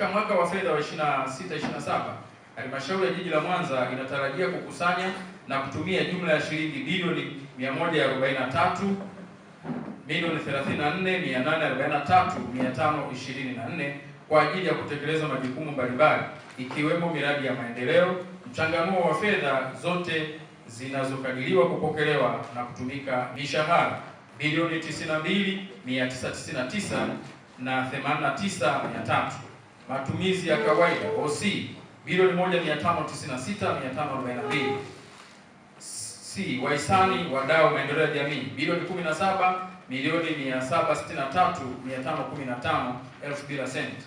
Katika mwaka wa fedha wa 26 27 halmashauri ya jiji la Mwanza inatarajia kukusanya na kutumia jumla ya shilingi bilioni 143 milioni 34,843,524 kwa ajili ya kutekeleza majukumu mbalimbali ikiwemo miradi ya maendeleo, mchanganuo wa fedha zote zinazokadiriwa kupokelewa na kutumika, mishahara bilioni 92,999 na 89,300 matumizi ya kawaida OC bilioni 1,596,542 C wahisani wadau maendeleo ya jamii bilioni 17 milioni 763,515 elfu bila senti,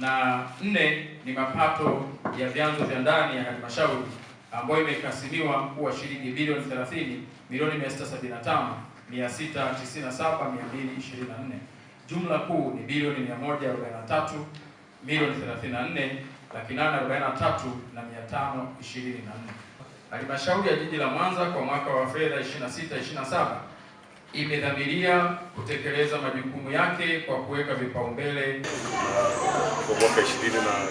na nne ni mapato ya vyanzo vya ndani ya halmashauri ambayo imekasimiwa kuwa shilingi bilioni 30 milioni 675 Jumla kuu ni bilioni 143 milioni 34 laki 843 na Halmashauri ya jiji la Mwanza kwa mwaka wa fedha 26 27 imedhamiria kutekeleza majukumu yake kwa kuweka vipaumbele. Kwa mwaka 26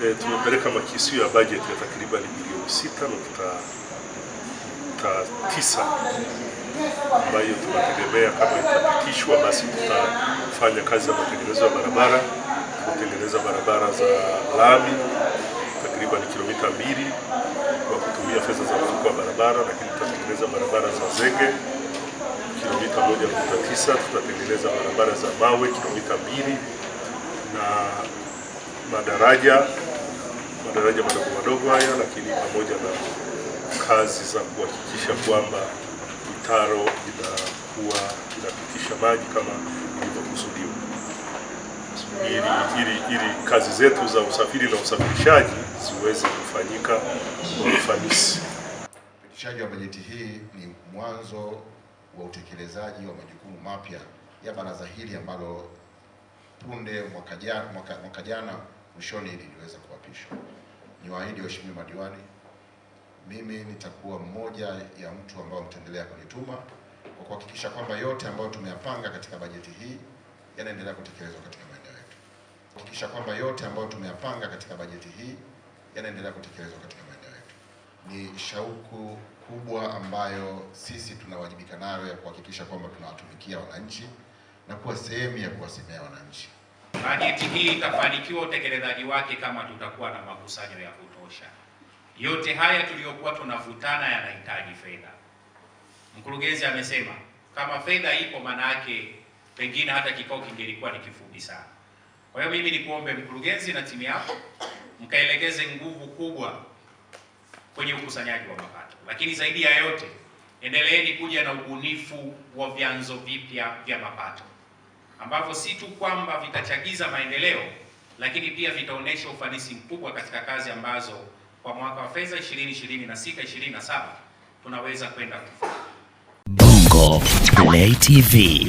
27 e, tumepeleka makisio ya bajeti ya takribani bilioni 6 nukta 9 ambayo tunategemea kama itapitishwa, basi tutafanya kazi za matengenezo ya barabara, kutengeneza barabara za lami takriban kilomita mbili kwa kutumia fedha za mfuko wa barabara, lakini tutatengeneza barabara za zege kilomita moja nukta tisa tutatengeneza barabara za mawe kilomita mbili na madaraja madaraja madogo madogo haya, lakini pamoja na kazi za kuhakikisha kwamba mitaro inakuwa inapitisha maji kama ilivyokusudiwa, ili, ili, ili kazi zetu za usafiri na usafirishaji ziweze kufanyika kwa ufanisi. Upitishaji wa bajeti hii ni mwanzo wa utekelezaji wa majukumu mapya ya baraza hili ambalo punde mwaka jana mwaka jana mwishoni liliweza kuapishwa. Niwaahidi waheshimiwa madiwani mimi nitakuwa mmoja ya mtu ambao mtaendelea kunituma kwa kuhakikisha kwamba yote ambayo tumeyapanga katika bajeti hii yanaendelea kutekelezwa katika maeneo yetu, kuhakikisha kwamba yote ambayo tumeyapanga katika bajeti hii yanaendelea kutekelezwa katika maeneo yetu. Ni shauku kubwa ambayo sisi tunawajibika nayo ya kuhakikisha kwamba tunawatumikia wananchi na kuwa sehemu ya kuwasemea wananchi. Bajeti hii itafanikiwa utekelezaji wake kama tutakuwa na makusanyo ya kutosha. Yote haya tuliyokuwa tunavutana yanahitaji fedha. Mkurugenzi amesema kama fedha ipo, maana yake pengine hata kikao kingelikuwa ni kifupi sana. Kwa hiyo mimi nikuombe mkurugenzi na timu yako mkaelekeze nguvu kubwa kwenye ukusanyaji wa mapato, lakini zaidi ya yote endeleeni kuja na ubunifu wa vyanzo vipya vya mapato ambavyo si tu kwamba vitachagiza maendeleo, lakini pia vitaonesha ufanisi mkubwa katika kazi ambazo kwa mwaka wa fedha 2026 2027 tunaweza kwenda Bongo Play TV.